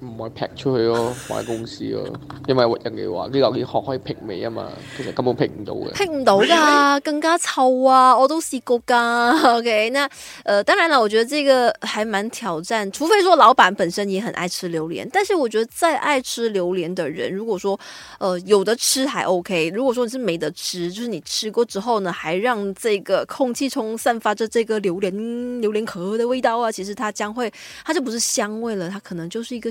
唔可以劈出去咯，哦，喺公司咯，哦，因為人哋話呢榴蓮殼可以劈味啊嘛，其實根本劈唔到嘅。劈唔到㗎，更加臭啊！我都試過㗎。OK，那呃當然啦，我覺得這個還蠻挑戰，除非說老闆本身也很愛吃榴蓮。但是我覺得再愛吃榴蓮的人，如果說呃有得吃還 OK，如果說你是沒得吃，就是你吃過之後呢，還讓這個空氣中散發着這個榴蓮榴蓮殼的味道啊，其實它將會，它就不是香味了，它可能就是一個